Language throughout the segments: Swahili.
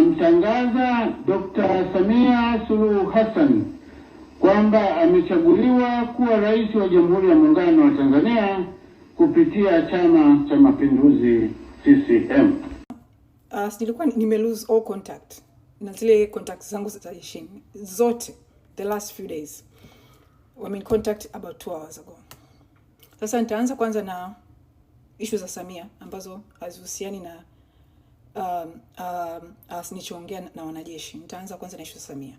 anamtangaza Dr. Samia Suluhu Hassan kwamba amechaguliwa kuwa rais wa Jamhuri ya Muungano wa Tanzania kupitia Chama cha Mapinduzi CCM. Uh, ah, nilikuwa nime lose all contact na zile contacts zangu za Taishin zote the last few days were contact about two hours ago. Sasa nitaanza kwanza na ishu za Samia ambazo hazihusiani na um, um, uh, nilichoongea na wanajeshi. Nitaanza kwanza na Ishu Samia.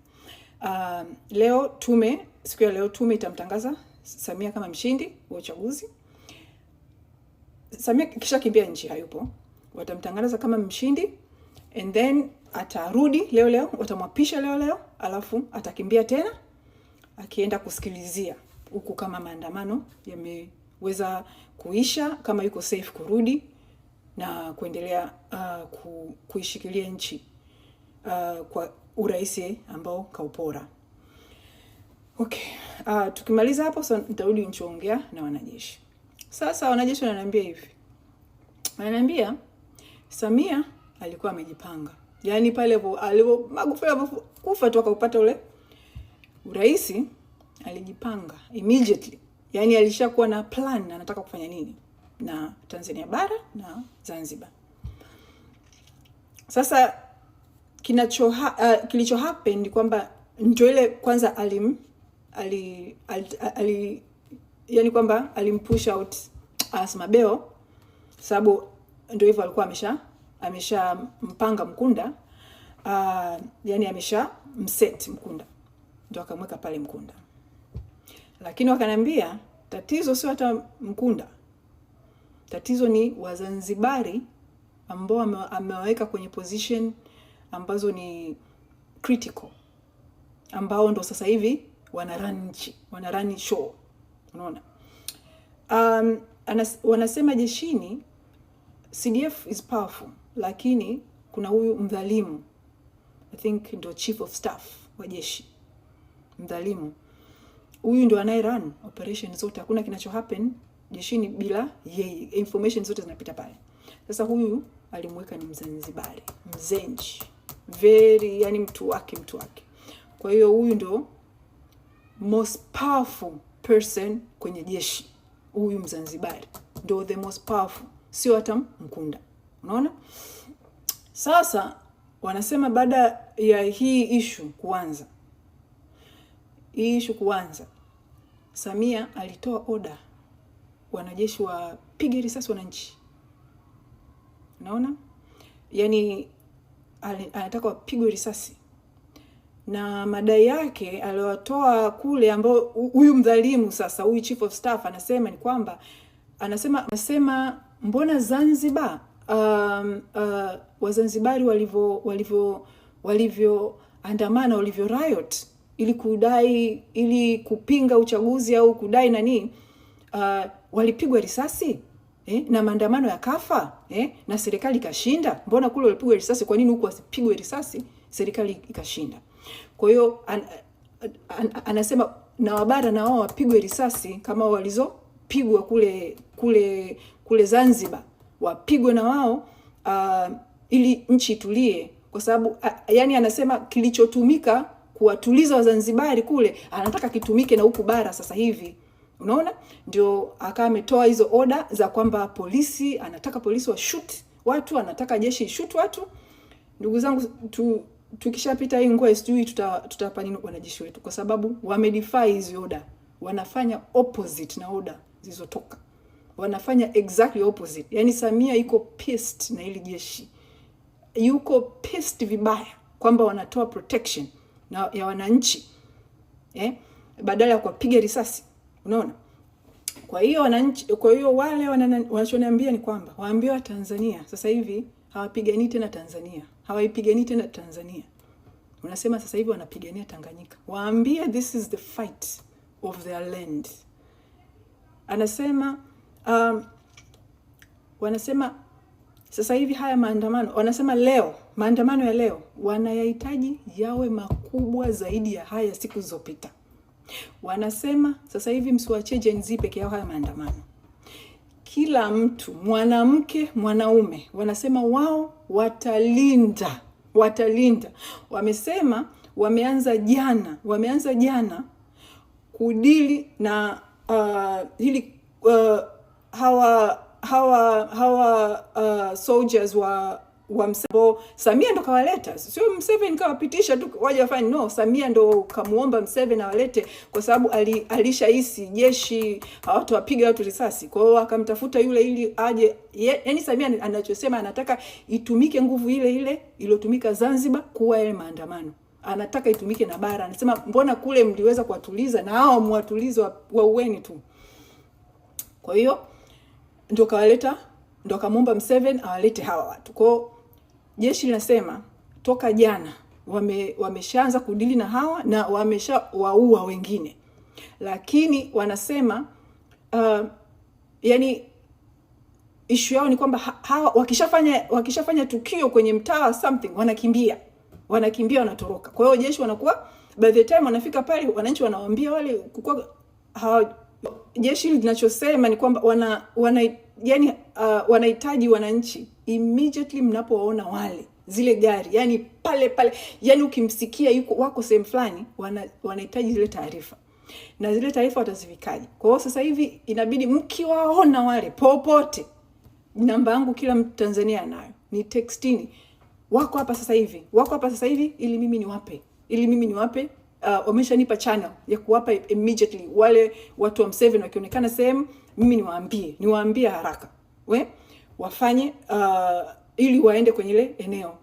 Um, leo tume, siku ya leo tume itamtangaza Samia kama mshindi wa uchaguzi. Samia kisha kimbia nchi, hayupo, watamtangaza kama mshindi and then atarudi leo leo, watamwapisha leo leo, alafu atakimbia tena akienda kusikilizia huku kama maandamano yameweza kuisha, kama yuko safe kurudi na kuendelea uh, ku, kuishikilia nchi uh, kwa urahisi ambao kaupora. Okay. Uh, tukimaliza hapo so, nitarudi nchoongea na wanajeshi. Sasa wanajeshi wananiambia hivi, wananiambia Samia alikuwa amejipanga, yaani pale alipo Magufuli kufa tu akaupata ule urais, alijipanga immediately, yaani alishakuwa na plan anataka kufanya nini na Tanzania bara na Zanzibar. Sasa kinacho uh, kilicho happen ni kwamba ndio ile kwanza alim ali, ali, ali yani kwamba alimpush out Asma uh, Beo sababu ndio hivyo alikuwa amesha amesha mpanga Mkunda uh, yani amesha mset Mkunda ndio akamweka pale Mkunda, lakini wakaniambia tatizo sio hata Mkunda Tatizo ni Wazanzibari ambao amewaweka kwenye position ambazo ni critical, ambao ndo sasa hivi run nchi, run show. Unaona, um, anas, wanasema jeshini CDF is powerful, lakini kuna huyu mdhalimu, I think ndo chief of staff wa jeshi mdhalimu, huyu ndo anaye run operation zote, hakuna kinacho happen jeshini bila yeye, information zote zinapita pale. Sasa huyu alimweka ni Mzanzibari, mzenji very, yani mtu wake mtu wake. Kwa hiyo huyu ndo most powerful person kwenye jeshi, huyu Mzanzibari ndo the most powerful, sio hata Mkunda. Unaona, sasa wanasema baada ya hii ishu kuanza, hii ishu kuanza, Samia alitoa oda wanajeshi wapige risasi wananchi. naona yani anataka wapigwe risasi na madai yake aliyowatoa kule, ambao huyu mdhalimu sasa, huyu chief of staff anasema ni kwamba anasema anasema mbona Zanzibar, um, uh, Wazanzibari walivyo walivyo walivyoandamana walivyo riot ili kudai ili kupinga uchaguzi au kudai nani uh, walipigwa risasi eh? na maandamano ya kafa eh? na serikali ikashinda. Mbona kule walipigwa risasi, kwa nini huku wasipigwe risasi? Serikali ikashinda. Kwa hiyo an, an, an, anasema na wabara na wao wapigwe risasi kama walizopigwa kule kule kule Zanzibar, wapigwe na wao uh, ili nchi itulie, kwa sababu uh, yani anasema kilichotumika kuwatuliza Wazanzibari kule anataka kitumike na huku bara sasa hivi. Unaona, ndio akawa ametoa hizo oda za kwamba polisi anataka polisi wa washuti watu, anataka jeshi ishuti watu. Ndugu zangu tu, tukishapita hii ngwe sijui tutawapa tuta nini wanajeshi wetu, kwa sababu wamedefy hizi oda, wanafanya opposite na oda zilizotoka, wanafanya exactly opposite. Yani Samia iko pissed na hili jeshi, yuko pissed vibaya kwamba wanatoa protection na ya wananchi eh, badala ya kuwapiga risasi. Unaona, kwa hiyo wananchi, kwa hiyo wale wanachoniambia ni kwamba waambiwa Tanzania sasa hivi hawapigani tena Tanzania, hawaipiganii tena Tanzania, unasema sasa hivi wanapigania Tanganyika. Waambie this is the fight of their land. Anasema um, wanasema sasa hivi haya maandamano, wanasema leo maandamano ya leo wanayahitaji yawe makubwa zaidi ya haya siku zilizopita. Wanasema sasa hivi msiwachie Gen Z peke yao haya maandamano, kila mtu, mwanamke, mwanaume, wanasema wao watalinda, watalinda. Wamesema wameanza jana, wameanza jana kudili na uh, hili uh, hawa hawa hawa uh, soldiers wa wa msambo, Samia ndo kawaleta, sio Mseveni kawapitisha tu waje wafanye. No, Samia ndo kamuomba Mseveni awalete, kwa sababu ali, alishahisi jeshi hawatawapiga watu risasi. Kwa hiyo akamtafuta yule ili aje. Yaani Samia anachosema anataka itumike nguvu ile ile iliyotumika Zanzibar kuwa yale maandamano anataka itumike na bara. Anasema mbona kule mliweza kuwatuliza, na hao mwatulizi wa uweni tu. Kwa hiyo ndo kawaleta, ndo akamwomba Mseven awalete hawa watu kwao jeshi linasema toka jana wame, wameshaanza kudili na hawa na wameshawaua wengine, lakini wanasema uh, yani ishu yao ni kwamba hawa wakishafanya wakishafanya tukio kwenye mtaa something, wanakimbia wanakimbia, wanatoroka. Kwa hiyo jeshi wanakuwa by the time wanafika pale, wananchi wanawaambia wale kukua, hawa, jeshi linachosema ni kwamba wana, wana yani uh, wanahitaji wananchi immediately mnapowaona wale zile gari yani pale pale, yani ukimsikia yuko wako sehemu fulani, wanahitaji wana zile taarifa na zile taarifa watazivikaji Kwa hiyo sasa hivi inabidi mkiwaona wale popote, namba yangu kila Mtanzania anayo, ni textini, wako hapa sasa hivi, wako hapa sasa hivi, ili mimi niwape, ili mimi niwape uh, wameshanipa channel ya kuwapa immediately wale watu wa Mseveni wakionekana sehemu, mimi niwaambie niwaambie haraka we wafanye uh, ili waende kwenye ile eneo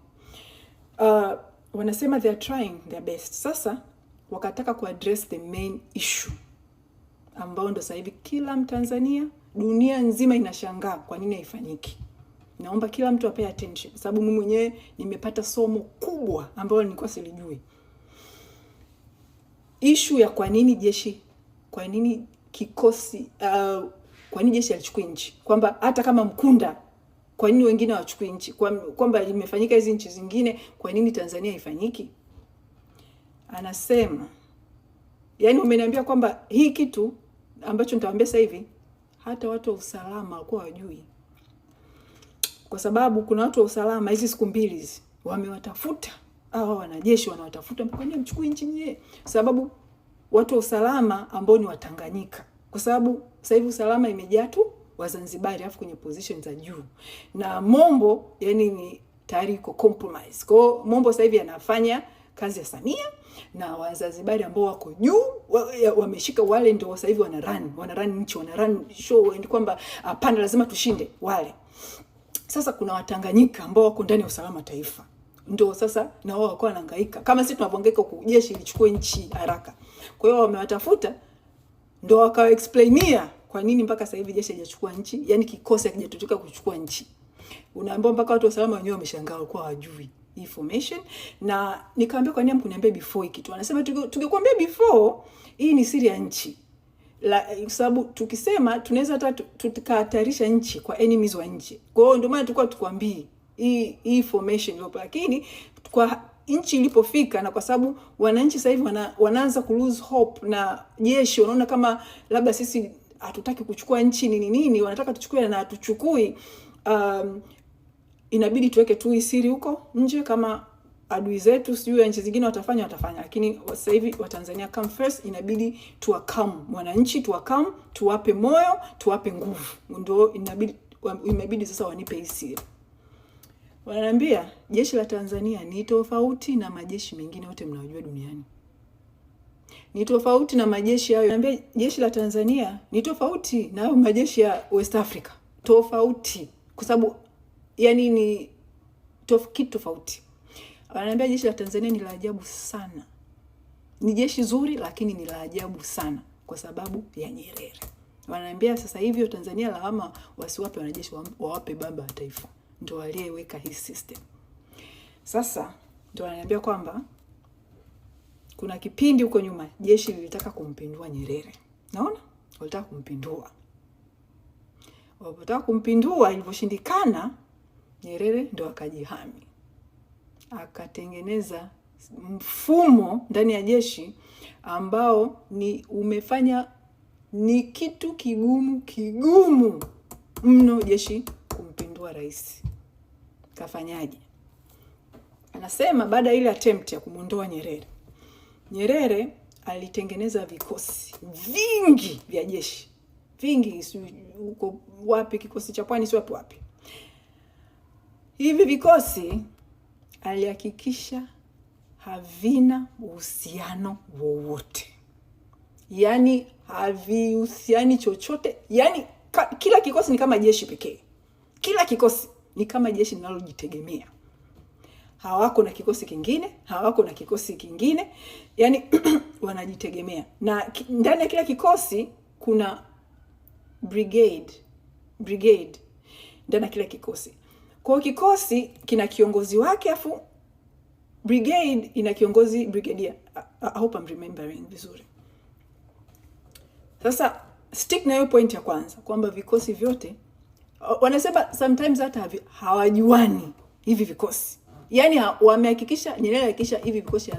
uh, wanasema they are trying their best. Sasa wakataka ku address the main issue ambao ndo sasa hivi kila Mtanzania dunia nzima inashangaa kwa nini haifanyiki. Naomba kila mtu apay attention, sababu mimi mwenyewe nimepata somo kubwa ambalo nilikuwa silijui ishu ya kwa nini jeshi kwa nini kikosi uh, kwa nini jeshi alichukui nchi, kwamba hata kama Mkunda, kwa nini wengine hawachukui nchi, kwamba imefanyika hizi nchi zingine, kwa nini Tanzania haifanyiki? Anasema yani, umeniambia kwamba hii kitu ambacho nitawaambia sasa hivi hata watu wa usalama walikuwa wajui, kwa sababu kuna watu wa usalama hizi siku mbili hizi wamewatafuta hawa wanajeshi wanawatafuta, wanaotafuta kwani mchukui nchi nyie, sababu watu wa usalama ambao ni Watanganyika, kwa sababu sasa hivi usalama imejaa tu Wazanzibari afu kwenye position za juu na Mombo, yani ni tayari iko compromise. Kwa Mombo sasa hivi anafanya kazi ya Samia na Wazanzibari ambao wako juu wameshika wa wale ndio sasa hivi wana run wana run nchi wana run show and kwamba panda lazima tushinde wale. Sasa kuna Watanganyika ambao wako ndani ya usalama taifa ndo sasa na wao wako wanahangaika kama sisi tunabongaika huku jeshi ilichukua nchi haraka. Kwa hiyo wamewatafuta ndo wakawa explainia kwa nini mpaka sasa hivi jeshi haijachukua nchi, yani kikosi hakijatotoka kuchukua nchi. Unaambiwa mpaka watu wa usalama wenyewe wameshangaa, walikuwa hawajui information na nikaambia, kwa nini mkuniambia before hiki kitu? Anasema tungekuambia before, hii ni siri ya nchi la sababu tukisema tunaweza hata tukahatarisha nchi kwa enemies wa nchi. Kwa hiyo ndio maana tulikuwa tukwambii hii hii formation iliyopo, lakini kwa nchi ilipofika na kwa sababu wananchi sasa hivi wana, wanaanza ku lose hope na jeshi wanaona kama labda sisi hatutaki kuchukua nchi nini nini, wanataka tuchukue na hatuchukui. Um, inabidi tuweke tu isiri huko nje kama adui zetu sijui ya nchi zingine watafanya watafanya, lakini sasa hivi Watanzania come first, inabidi tuwakam wananchi, tuwakam tuwape moyo, tuwape nguvu, ndio inabidi, imebidi sasa wanipe hisia. Wananiambia jeshi la Tanzania ni tofauti na majeshi mengine yote mnaojua duniani, ni tofauti na majeshi hayo. Naambia jeshi la Tanzania ni tofauti na hayo majeshi ya West Africa, tofauti kwa sababu yani ni tof, kitu tofauti. Wananiambia jeshi la Tanzania ni la ajabu sana, ni jeshi zuri, lakini ni la ajabu sana kwa sababu ya Nyerere. Wananiambia sasa hivyo Tanzania lawama wasiwape wanajeshi, wawape baba wa taifa ndo aliyeweka hii system. Sasa ndo ananiambia kwamba kuna kipindi huko nyuma jeshi lilitaka kumpindua Nyerere, naona walitaka kumpindua. Walipotaka kumpindua, ilivyoshindikana, Nyerere ndo akajihami, akatengeneza mfumo ndani ya jeshi ambao ni umefanya ni kitu kigumu kigumu mno jeshi kumpindua rais kafanyaje? Anasema baada ya ile attempt ya kumwondoa Nyerere, Nyerere alitengeneza vikosi vingi vya jeshi vingi, huko wapi, kikosi cha pwani, si wapi wapi. Hivi vikosi alihakikisha havina uhusiano wowote, yaani havihusiani chochote, yaani kila kikosi ni kama jeshi pekee, kila kikosi ni kama jeshi linalojitegemea. Hawako na kikosi kingine, hawako na kikosi kingine, yani wanajitegemea, na ndani ya kila kikosi kuna brigade, brigade ndani ya kila kikosi. Kwa hiyo kikosi kina kiongozi wake, afu brigade ina kiongozi brigadier. I hope I'm remembering vizuri. Sasa stick na hiyo point ya kwanza kwamba vikosi vyote Uh, wanasema sometimes hata hawajuani hivi vikosi, yaani wamehakikisha nilihakikisha hivi vikosi